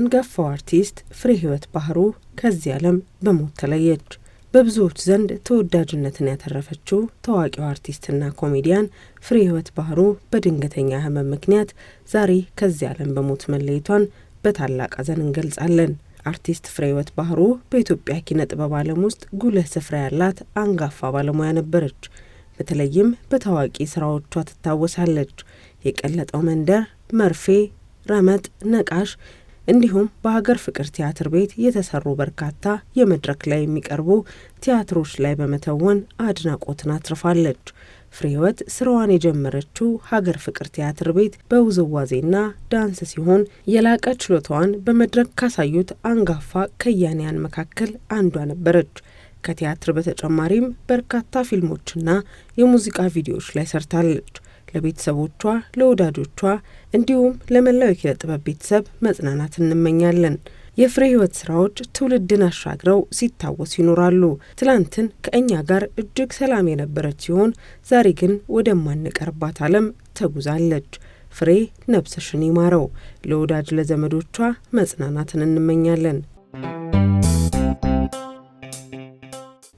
አንጋፋው አርቲስት ፍሬ ሕይወት ባህሩ ከዚህ ዓለም በሞት ተለየች። በብዙዎች ዘንድ ተወዳጅነትን ያተረፈችው ታዋቂው አርቲስትና ኮሜዲያን ፍሬ ህይወት ባህሩ በድንገተኛ ህመም ምክንያት ዛሬ ከዚህ ዓለም በሞት መለየቷን በታላቅ ሐዘን እንገልጻለን። አርቲስት ፍሬ ህይወት ባህሩ በኢትዮጵያ ኪነ ጥበብ ዓለም ውስጥ ጉልህ ስፍራ ያላት አንጋፋ ባለሙያ ነበረች። በተለይም በታዋቂ ስራዎቿ ትታወሳለች። የቀለጠው መንደር፣ መርፌ፣ ረመጥ፣ ነቃሽ፣ እንዲሁም በሀገር ፍቅር ቲያትር ቤት የተሰሩ በርካታ የመድረክ ላይ የሚቀርቡ ቲያትሮች ላይ በመተወን አድናቆትን አትርፋለች። ፍሬ ህይወት ስራዋን የጀመረችው ሀገር ፍቅር ቲያትር ቤት በውዝዋዜና ዳንስ ሲሆን የላቀ ችሎታዋን በመድረክ ካሳዩት አንጋፋ ከያንያን መካከል አንዷ ነበረች። ከቲያትር በተጨማሪም በርካታ ፊልሞችና የሙዚቃ ቪዲዮዎች ላይ ሰርታለች። ለቤተሰቦቿ፣ ለወዳጆቿ እንዲሁም ለመላው የኪነ ጥበብ ቤተሰብ መጽናናት እንመኛለን። የፍሬ ህይወት ስራዎች ትውልድን አሻግረው ሲታወስ ይኖራሉ። ትላንትን ከእኛ ጋር እጅግ ሰላም የነበረች ሲሆን ዛሬ ግን ወደማንቀርባት ዓለም ተጉዛለች። ፍሬ ነፍስሽን ይማረው። ለወዳጅ ለዘመዶቿ መጽናናትን እንመኛለን።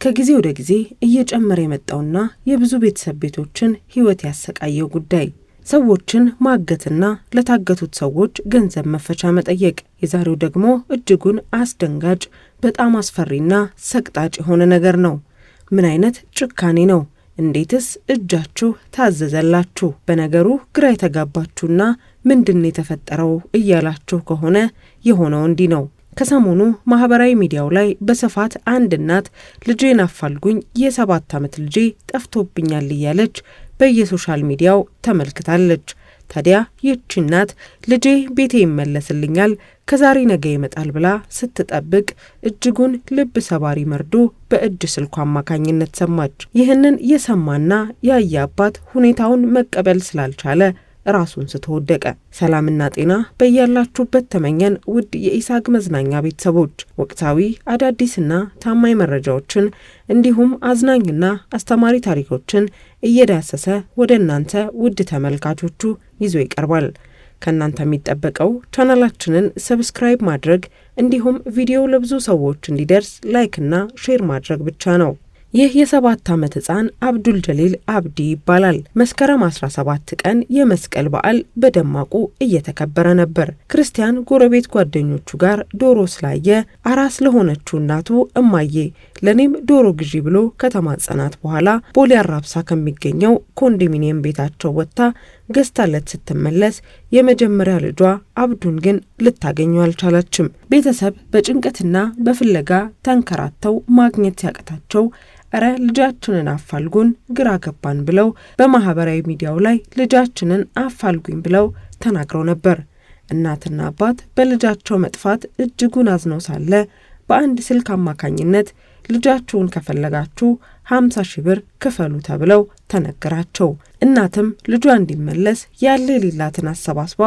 ከጊዜ ወደ ጊዜ እየጨመረ የመጣውና የብዙ ቤተሰብ ቤቶችን ሕይወት ያሰቃየው ጉዳይ ሰዎችን ማገትና ለታገቱት ሰዎች ገንዘብ መፈቻ መጠየቅ፣ የዛሬው ደግሞ እጅጉን አስደንጋጭ በጣም አስፈሪና ሰቅጣጭ የሆነ ነገር ነው። ምን አይነት ጭካኔ ነው? እንዴትስ እጃችሁ ታዘዘላችሁ? በነገሩ ግራ የተጋባችሁና ምንድን የተፈጠረው እያላችሁ ከሆነ የሆነው እንዲህ ነው። ከሰሞኑ ማህበራዊ ሚዲያው ላይ በስፋት አንድ እናት ልጄን አፋልጉኝ የሰባት ዓመት ልጄ ጠፍቶብኛል እያለች በየሶሻል ሚዲያው ተመልክታለች። ታዲያ ይህች እናት ልጄ ቤቴ ይመለስልኛል ከዛሬ ነገ ይመጣል ብላ ስትጠብቅ እጅጉን ልብ ሰባሪ መርዶ በእጅ ስልኩ አማካኝነት ሰማች። ይህንን የሰማና ያየ አባት ሁኔታውን መቀበል ስላልቻለ ራሱን ስተወደቀ ሰላምና ጤና በያላችሁበት ተመኘን። ውድ የኢሳግ መዝናኛ ቤተሰቦች ወቅታዊ አዳዲስና ታማኝ መረጃዎችን እንዲሁም አዝናኝና አስተማሪ ታሪኮችን እየዳሰሰ ወደ እናንተ ውድ ተመልካቾቹ ይዞ ይቀርባል። ከእናንተ የሚጠበቀው ቻናላችንን ሰብስክራይብ ማድረግ እንዲሁም ቪዲዮ ለብዙ ሰዎች እንዲደርስ ላይክና ሼር ማድረግ ብቻ ነው። ይህ የሰባት ዓመት ህፃን አብዱል ጀሊል አብዲ ይባላል። መስከረም 17 ቀን የመስቀል በዓል በደማቁ እየተከበረ ነበር። ክርስቲያን ጎረቤት ጓደኞቹ ጋር ዶሮ ስላየ አራስ ለሆነችው እናቱ እማዬ ለእኔም ዶሮ ግዢ ብሎ ከተማጸናት በኋላ ቦሌ አራብሳ ከሚገኘው ኮንዶሚኒየም ቤታቸው ወጥታ ገዝታለት ስትመለስ የመጀመሪያ ልጇ አብዱን ግን ልታገኙ አልቻለችም። ቤተሰብ በጭንቀትና በፍለጋ ተንከራተው ማግኘት ሲያቅታቸው እረ ልጃችንን አፋልጉን ግራ ገባን ብለው በማህበራዊ ሚዲያው ላይ ልጃችንን አፋልጉኝ ብለው ተናግረው ነበር። እናትና አባት በልጃቸው መጥፋት እጅጉን አዝነው ሳለ በአንድ ስልክ አማካኝነት ልጃችሁን ከፈለጋችሁ 50 ሺህ ብር ክፈሉ ተብለው ተነገራቸው። እናትም ልጇ እንዲመለስ ያለ የሌላትን አሰባስባ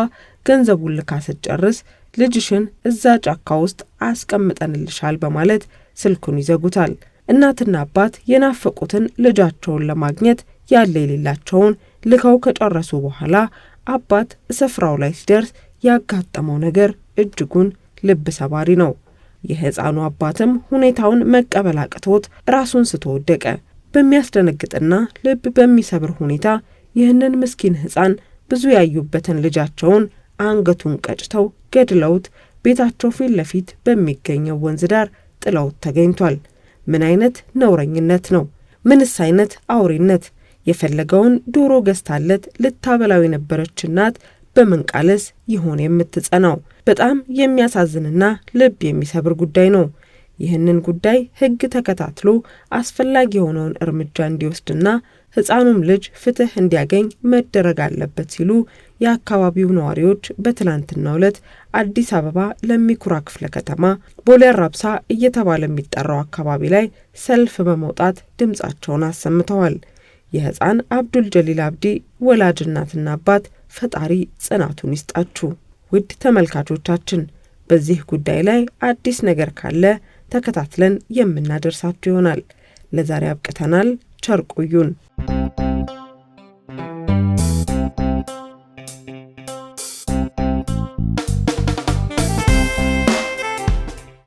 ገንዘቡን ልካ ስትጨርስ ልጅሽን እዛ ጫካ ውስጥ አስቀምጠንልሻል በማለት ስልኩን ይዘጉታል። እናትና አባት የናፈቁትን ልጃቸውን ለማግኘት ያለ የሌላቸውን ልከው ከጨረሱ በኋላ አባት ስፍራው ላይ ሲደርስ ያጋጠመው ነገር እጅጉን ልብ ሰባሪ ነው። የሕፃኑ አባትም ሁኔታውን መቀበል አቅቶት ራሱን ስቶ ወደቀ። በሚያስደነግጥና ልብ በሚሰብር ሁኔታ ይህንን ምስኪን ሕፃን ብዙ ያዩበትን ልጃቸውን አንገቱን ቀጭተው ገድለውት ቤታቸው ፊት ለፊት በሚገኘው ወንዝ ዳር ጥለውት ተገኝቷል። ምን አይነት ነውረኝነት ነው? ምንስ አይነት አውሬነት? የፈለገውን ዶሮ ገዝታለት ልታበላው የነበረች እናት በምን ቃልስ ይሆን የምትጸናው? በጣም የሚያሳዝንና ልብ የሚሰብር ጉዳይ ነው። ይህንን ጉዳይ ሕግ ተከታትሎ አስፈላጊ የሆነውን እርምጃ እንዲወስድና ሕፃኑም ልጅ ፍትህ እንዲያገኝ መደረግ አለበት ሲሉ የአካባቢው ነዋሪዎች በትናንትናው ዕለት አዲስ አበባ ለሚኩራ ክፍለ ከተማ ቦሌ አራብሳ እየተባለ የሚጠራው አካባቢ ላይ ሰልፍ በመውጣት ድምፃቸውን አሰምተዋል። የሕፃን አብዱል ጀሊል አብዲ ወላጅ እናትና አባት ፈጣሪ ጽናቱን ይስጣችሁ። ውድ ተመልካቾቻችን በዚህ ጉዳይ ላይ አዲስ ነገር ካለ ተከታትለን የምናደርሳችሁ ይሆናል። ለዛሬ አብቅተናል። ቸር ቆዩን።